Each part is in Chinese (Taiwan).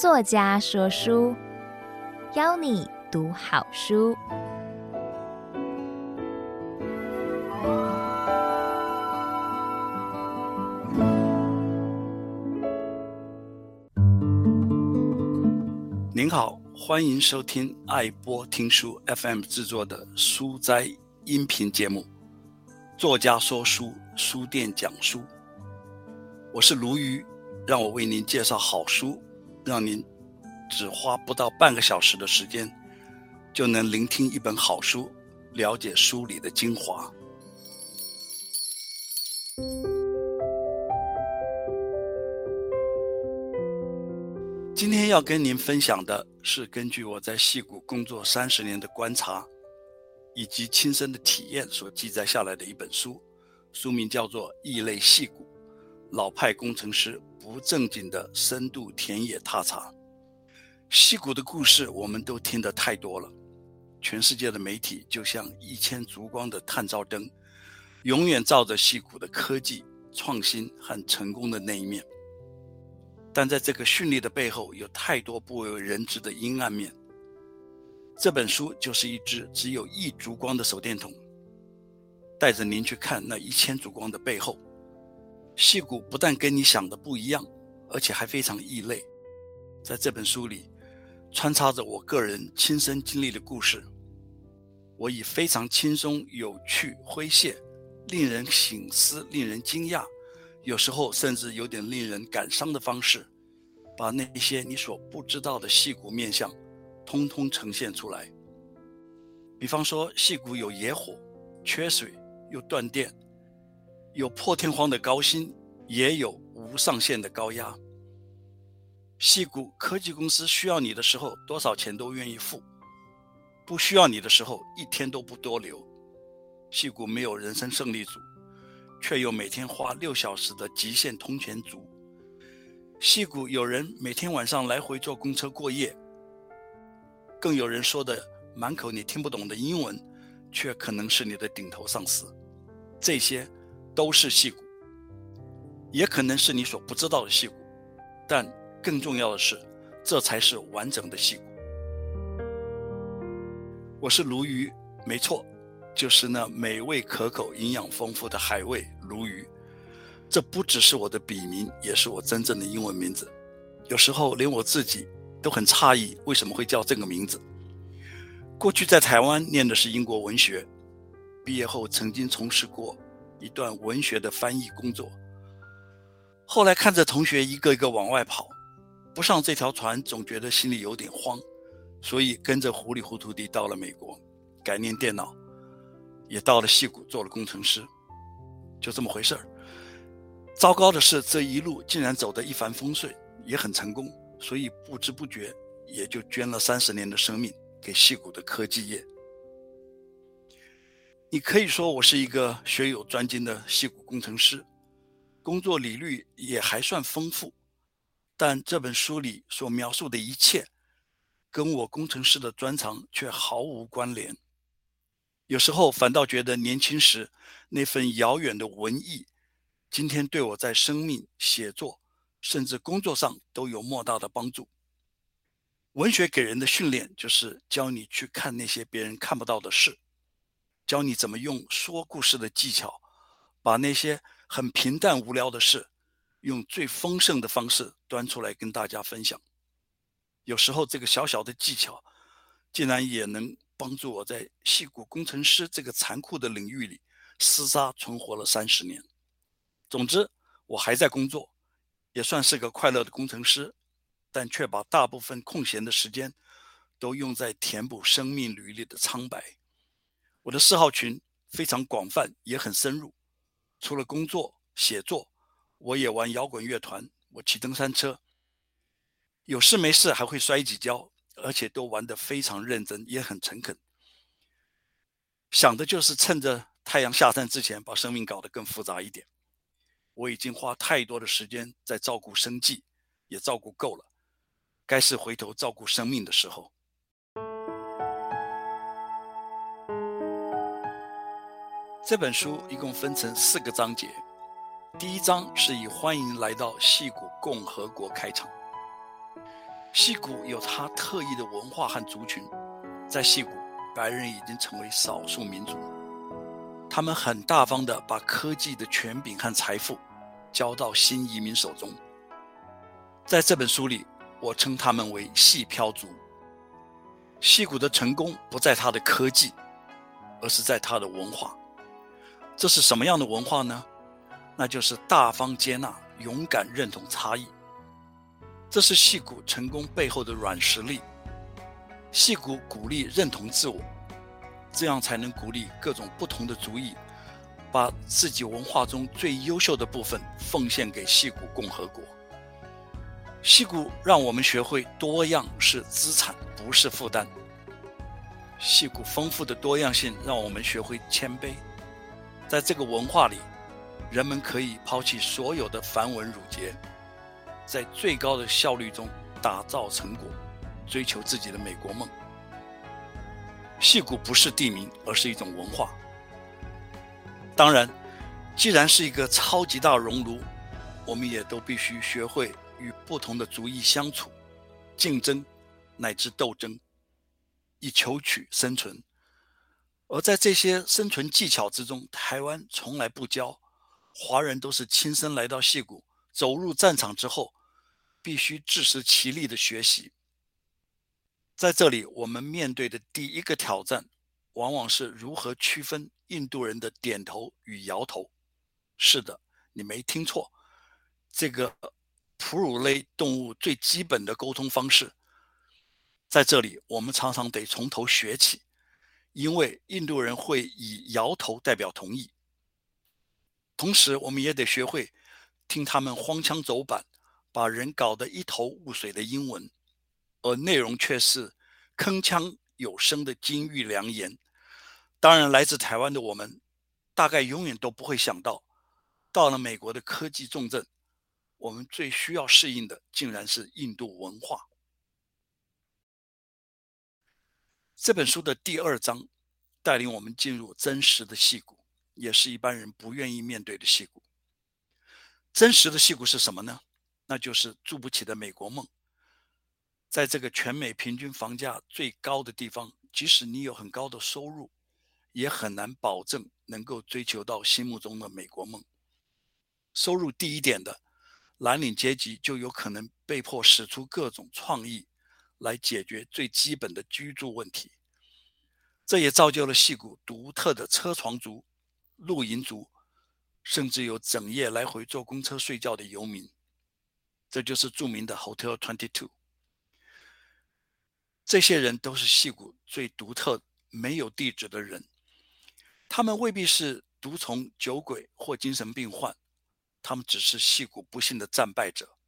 作家說書，邀你讀好書。您好，歡迎收聽愛播聽書 FM 製作的書齋音頻節目《作家說書》，書店講書。我是鱸魚，讓我為您介紹好書。讓您只花不到半個小時的時間，就能聆聽一本好書，了解書裡的精華。今天要跟您分享的是根據我在矽谷工作三十年的觀察，以及親身的體驗所記載下來的一本書，書名叫做《異類矽谷》。老派工程師不正經的深度田野踏查，矽谷的故事我們都聽得太多了。全世界的媒體就像一千燭光的探照燈，永遠照着矽谷的科技創新和成功的那一面。但在這個絢麗的背後，有太多不為人知的陰暗面。這本書就是一支只有一燭光的手電筒，帶着您去看那一千燭光的背後。矽谷不但跟你想的不一樣，而且還非常異類。在這本書裡，穿插着我個人親身經歷的故事。我以非常輕鬆、有趣、詼諧、令人省思、令人驚訝，有時候甚至有點令人感傷的方式，把那些你所不知道的矽谷面相，通通呈現出來。比方說，矽谷有野火、缺水、又斷電。有破天荒的高薪，也有無上限的高壓。矽谷科技公司需要你的時候，多少錢都願意付；不需要你的時候，一天都不多留。矽谷沒有人生勝利組，卻有每天花六小時的極限通勤族。矽谷有人每天晚上來回坐公車過夜，更有人說的滿口你聽不懂的英文，卻可能是你的頂頭上司。這些。都是矽谷，也可能是你所不知道的矽谷，但更重要的是，這才是完整的矽谷。我是鱸魚，沒錯，就是那美味可口、營養豐富的海味鱸魚。這不只是我的筆名，也是我真正的英文名字。有時候連我自己都很詫異，為什麼會叫這個名字。過去在台灣念的是英國文學，畢業後曾經從事過一段文學的翻譯工作，後來看着同學一個一個往外跑，不上這條船，總覺得心裡有點慌，所以跟着糊裡糊塗地到了美國，改念電腦，也到了矽谷做了工程師，就這麼回事兒。糟糕的是，這一路竟然走得一帆風順，也很成功，所以不知不覺也就捐了三十年的生命給矽谷的科技業。你可以說我是一個學有專精的矽谷工程師，工作履歷也還算豐富，但這本書裡所描述的一切，跟我工程師的專長卻毫無關聯。有時候反倒覺得年輕時那份遙遠的文藝，今天對我在生命、寫作，甚至工作上都有莫大的幫助。文學給人的訓練，就是教你去看那些別人看不到的事。教你怎麼用說故事的技巧，把那些很平淡無聊的事，用最豐盛的方式端出來跟大家分享。有時候這個小小的技巧，竟然也能幫助我在矽谷工程師這個殘酷的領域裡廝殺存活了三十年。總之，我還在工作，也算是個快樂的工程師，但卻把大部分空閒的時間，都用在填補生命履歷的蒼白。我的嗜好群非常廣泛，也很深入。除了工作寫作，我也玩搖滾樂團，我騎登山車，有事沒事還會摔幾跤，而且都玩得非常認真，也很誠懇。想的就是趁着太陽下山之前，把生命搞得更複雜一點。我已經花太多的時間在照顧生計，也照顧夠了，該是回頭照顧生命的時候。這本書一共分成四個章節，第一章是以“歡迎來到矽谷共和國”開場。矽谷有它特異的文化和族群，在矽谷，白人已經成為少數民族，他們很大方地把科技的權柄和財富交到新移民手中。在這本書裡，我稱他們為“矽漂族”。矽谷的成功不在他的科技，而是在他的文化。這是什麼樣的文化呢？那就是大方接納、勇敢認同差異。這是矽谷成功背後的軟實力。矽谷鼓勵認同自我，這樣才能鼓勵各種不同的族裔，把自己文化中最優秀的部分奉獻給矽谷共和國。矽谷讓我們學會多樣是資產，不是負擔。矽谷豐富的多樣性讓我們學會謙卑。在這個文化裡，人們可以拋棄所有的繁文縟節，在最高的效率中打造成果，追求自己的美國夢。矽谷不是地名，而是一種文化。當然，既然是一個超級大熔爐，我們也都必須學會與不同的族裔相處、競爭乃至鬥爭，以求取生存。而在這些生存技巧之中，台灣從來不教，華人都是親身來到矽谷，走入戰場之後，必須自食其力的學習。在這裡，我們面對的第一個挑戰，往往是如何區分印度人的點頭與搖頭。是的，你沒聽錯，這個哺乳類動物最基本的溝通方式，在這裡，我們常常得從頭學起。因為印度人會以搖頭代表同意，同時我們也得學會聽他們荒腔走板、把人搞得一頭霧水的英文，而內容卻是鏗鏘有聲的金玉良言。當然，來自台灣的我們，大概永遠都不會想到，到了美國的科技重鎮，我們最需要適應的，竟然是印度文化。這本書的第二章，帶領我們進入真實的矽谷，也是一般人不願意面對的矽谷。真實的矽谷是什麼呢？那就是住不起的美國夢。在這個全美平均房價最高的地方，即使你有很高的收入，也很難保證能夠追求到心目中的美國夢。收入低一點的藍領階級就有可能被迫使出各種創意。來解決最基本的居住問題，這也造就了矽谷獨特的車床族、露營族，甚至有整夜來回坐公車睡覺的遊民。這就是著名的 Hotel Twenty Two。這些人都是矽谷最獨特、沒有地址的人。他們未必是毒蟲、酒鬼或精神病患，他們只是矽谷不幸的戰敗者。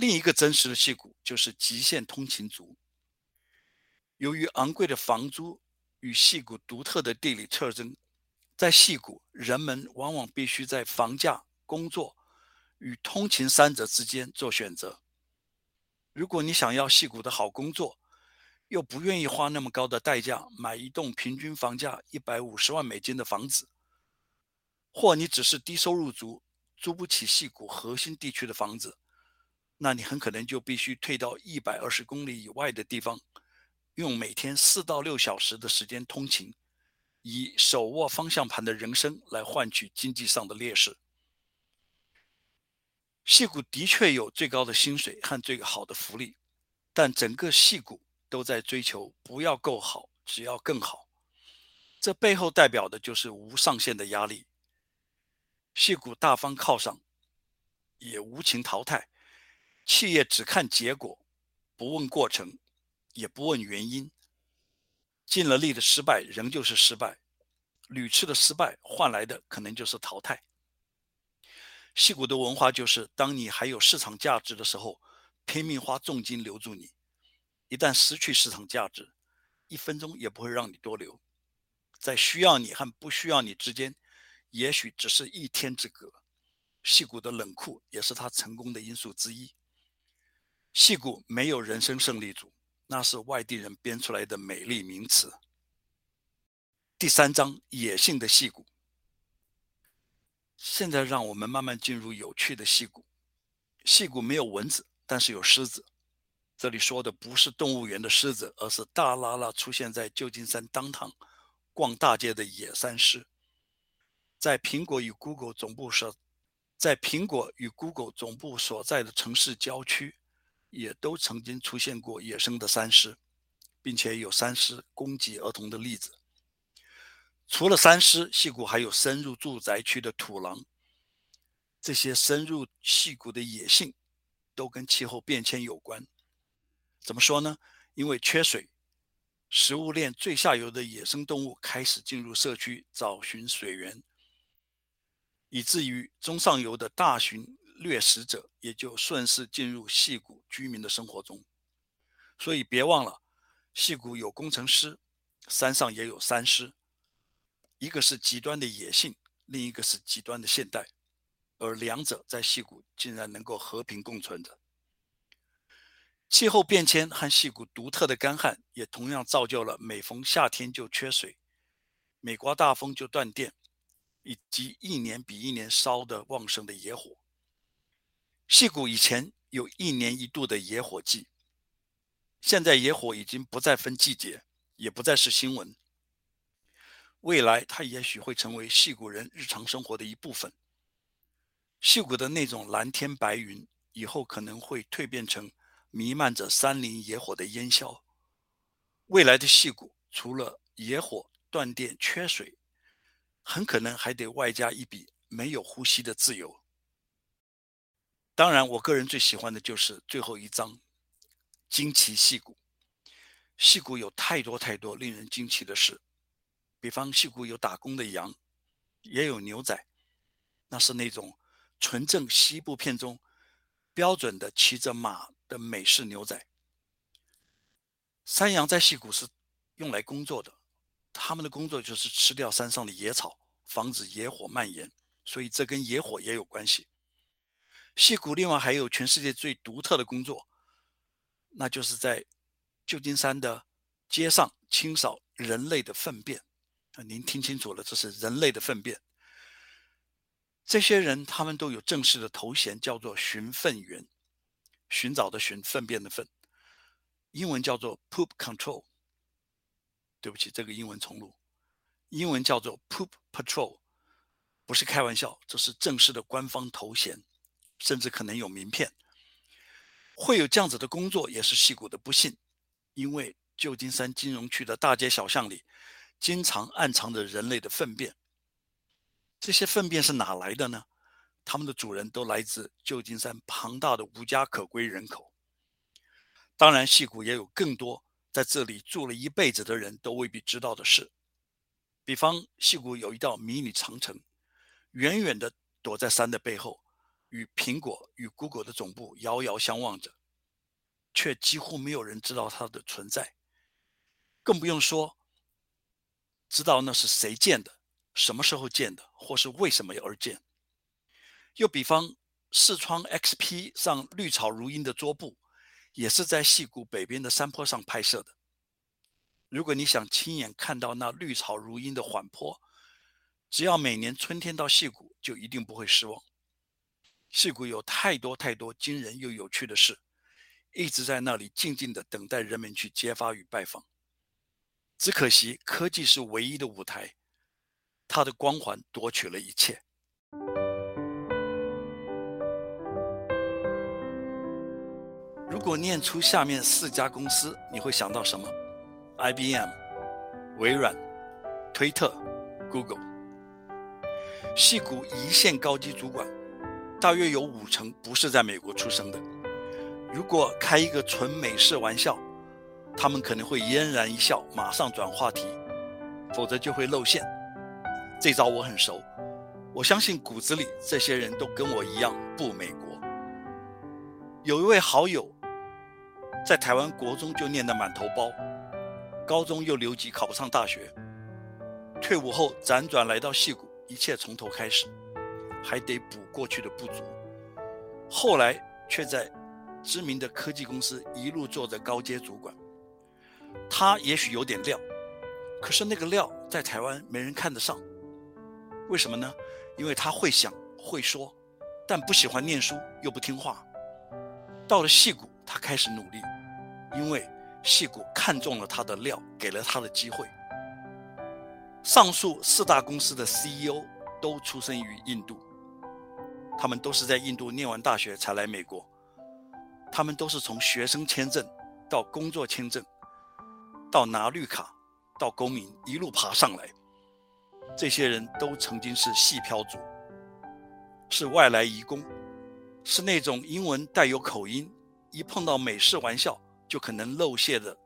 另一個真實的矽谷就是極限通勤族。由於昂貴的房租與矽谷獨特的地理特徵，在矽谷，人們往往必須在房價、工作與通勤三者之間做選擇。如果你想要矽谷的好工作，又不願意花那麼高的代價買一棟平均房價一百五十萬美金的房子，或你只是低收入族，租不起矽谷核心地區的房子。那你很可能就必須退到一百二十公里以外的地方，用每天四到六小時的時間通勤，以手握方向盤的人生來換取經濟上的劣勢。矽谷的確有最高的薪水和最好的福利，但整個矽谷都在追求不要夠好，只要更好。這背後代表的就是無上限的壓力。矽谷大方犒賞，也無情淘汰。企業只看結果，不問過程，也不問原因。盡了力的失敗仍舊是失敗，屢次的失敗換來的可能就是淘汰。矽谷的文化就是：當你還有市場價值的時候，拼命花重金留住你；一旦失去市場價值，一分鐘也不會讓你多留。在需要你和不需要你之間，也許只是一天之隔。矽谷的冷酷也是他成功的因素之一。矽谷沒有人生勝利組，那是外地人編出來的美麗名詞。第三章，野性的矽谷。現在讓我們慢慢進入有趣的矽谷。矽谷沒有蚊子，但是有獅子。這裡說的不是動物園的獅子，而是大喇喇出現在舊金山當堂逛大街的野山獅。在蘋果與 Google 總部，在蘋果與 Google 總部所在的城市郊區。也都曾經出現過野生的山獅，並且有山獅攻擊兒童的例子。除了山獅，矽谷還有深入住宅區的土狼。這些深入矽谷的野性，都跟氣候變遷有關。怎麼說呢？因為缺水，食物鏈最下游的野生動物開始進入社區找尋水源，以至於中上游的大型。掠食者也就順勢進入矽谷居民的生活中，所以別忘了，矽谷有工程師，山上也有山獅，一個是極端的野性，另一個是極端的現代，而兩者在矽谷竟然能夠和平共存的。氣候變遷和矽谷獨特的乾旱，也同樣造就了每逢夏天就缺水，每刮大風就斷電，以及一年比一年燒得旺盛的野火。矽谷以前有一年一度的野火季，現在野火已經不再分季節，也不再是新聞。未來，它也許會成為矽谷人日常生活的一部分。矽谷的那種藍天白雲，以後可能會蛻變成彌漫着山林野火的煙硝。未來的矽谷，除了野火、斷電、缺水，很可能還得外加一筆沒有呼吸的自由。當然，我個人最喜歡的就是最後一章，驚奇矽谷，矽谷有太多太多令人驚奇的事，比方矽谷有打工的羊，也有牛仔，那是那種純正西部片中標準的騎着馬的美式牛仔。山羊在矽谷是用來工作的，他們的工作就是吃掉山上的野草，防止野火蔓延，所以這跟野火也有關係。矽谷，另外還有全世界最獨特的工作，那就是在舊金山的街上清掃人類的糞便。啊，您聽清楚了，這是人類的糞便。這些人他們都有正式的頭銜，叫做“尋糞員”，尋找的尋，糞便的糞。英文叫做 “poop control”。對不起，這個英文重錄。英文叫做 “poop patrol”。不是開玩笑，這是正式的官方頭銜。甚至可能有名片，會有這樣子的工作，也是矽谷的不幸，因為舊金山金融區的大街小巷裡，經常暗藏着人類的糞便。這些糞便是哪來的呢？他們的主人都來自舊金山龐大的無家可歸人口。當然，矽谷也有更多在這裡住了一輩子的人都未必知道的事，比方矽谷有一道迷你長城，遠遠的躲在山的背後。與蘋果、與 Google 的總部遙遙相望着，卻幾乎沒有人知道它的存在，更不用說知道那是誰建的、什麼時候建的，或是為什麼而建。又比方，視窗 XP 上綠草如茵的桌布，也是在矽谷北邊的山坡上拍攝的。如果你想親眼看到那綠草如茵的緩坡，只要每年春天到矽谷，就一定不會失望。矽谷有太多太多驚人又有趣的事，一直在那裡靜靜的等待人們去揭發與拜訪。只可惜科技是唯一的舞台，它的光環奪取了一切。如果念出下面四家公司，你會想到什麼？IBM、微軟、推特、Google。矽谷一線高級主管大約有五成不是在美國出生的。如果開一個純美式玩笑，他們可能會嫣然一笑，馬上轉話題，否則就會露餡。這招我很熟，我相信骨子裡這些人都跟我一樣不美國。有一位好友，在台灣國中就念得滿頭包，高中又留級，考不上大學，退伍後輾轉來到矽谷，一切從頭開始。還得補過去的不足，後來卻在知名的科技公司一路做着高階主管。他也許有點料，可是那個料在台灣沒人看得上。為什麼呢？因為他會想會說，但不喜歡念書又不聽話。到了矽谷，他開始努力，因為矽谷看中了他的料，給了他的機會。上述四大公司的 CEO 都出生於印度。他們都是在印度念完大學才來美國，他們都是從學生簽證到工作簽證，到拿綠卡到公民一路爬上來。這些人都曾經是矽漂族，是外來移工，是那種英文帶有口音，一碰到美式玩笑就可能露餡的，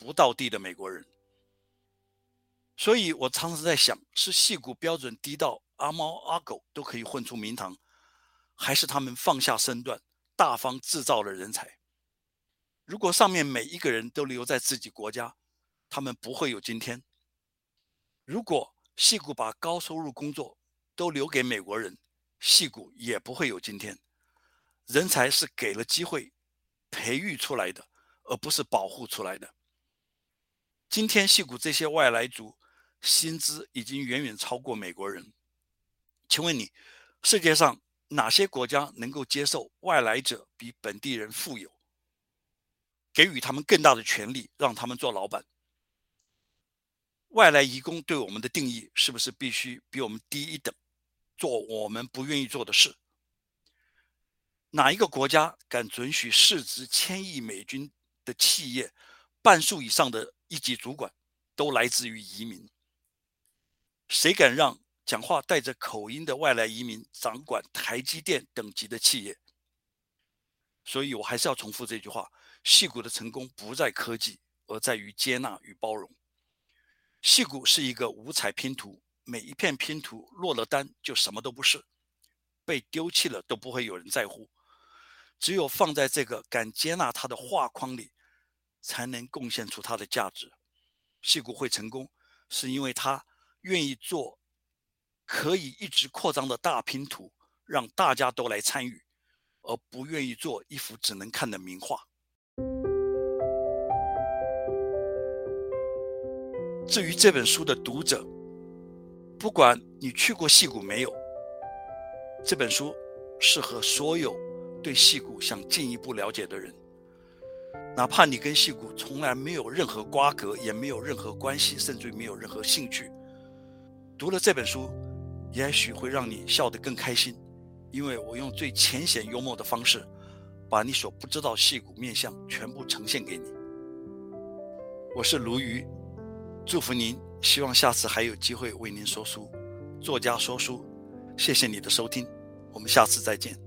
不道地的美國人。所以我常常在想，是矽谷標準低到阿貓阿狗都可以混出名堂，還是他們放下身段、大方製造了人才。如果上面每一個人都留在自己國家，他們不會有今天。如果矽谷把高收入工作都留給美國人，矽谷也不會有今天。人才是給了機會，培育出來的，而不是保護出來的。今天矽谷這些外來族薪資已經遠遠超過美國人。請問你，世界上？哪些國家能夠接受外來者比本地人富有，給予他們更大的權力，讓他們做老闆？外來移工對我們的定義是不是必須比我們低一等，做我們不願意做的事？哪一個國家敢准許市值千億美金的企業，半數以上的一級主管都來自於移民？誰敢讓？講話帶着口音的外來移民，掌管台積電等級的企業。所以，我還是要重複這句話：戲谷的成功不在科技，而在於接納與包容。戲谷是一個五彩拼圖，每一片拼圖落了單就什麼都不是，被丟棄了都不會有人在乎。只有放在這個敢接納他的畫框裡，才能貢獻出他的價值。戲谷會成功，是因為他願意做。可以一直擴張的大拼圖，讓大家都來參與，而不願意做一幅只能看的名畫。至於這本書的讀者，不管你去過矽谷沒有，這本書適合所有對矽谷想進一步了解的人。哪怕你跟矽谷從來沒有任何瓜葛，也沒有任何關係，甚至於沒有任何興趣，讀了這本書，也許會讓你笑得更開心，因為我用最淺顯幽默的方式，把你所不知道的矽谷面向全部呈現給你。我是鱸魚，祝福您，希望下次還有機會為您說書。作家說書，謝謝你的收聽，我們下次再見。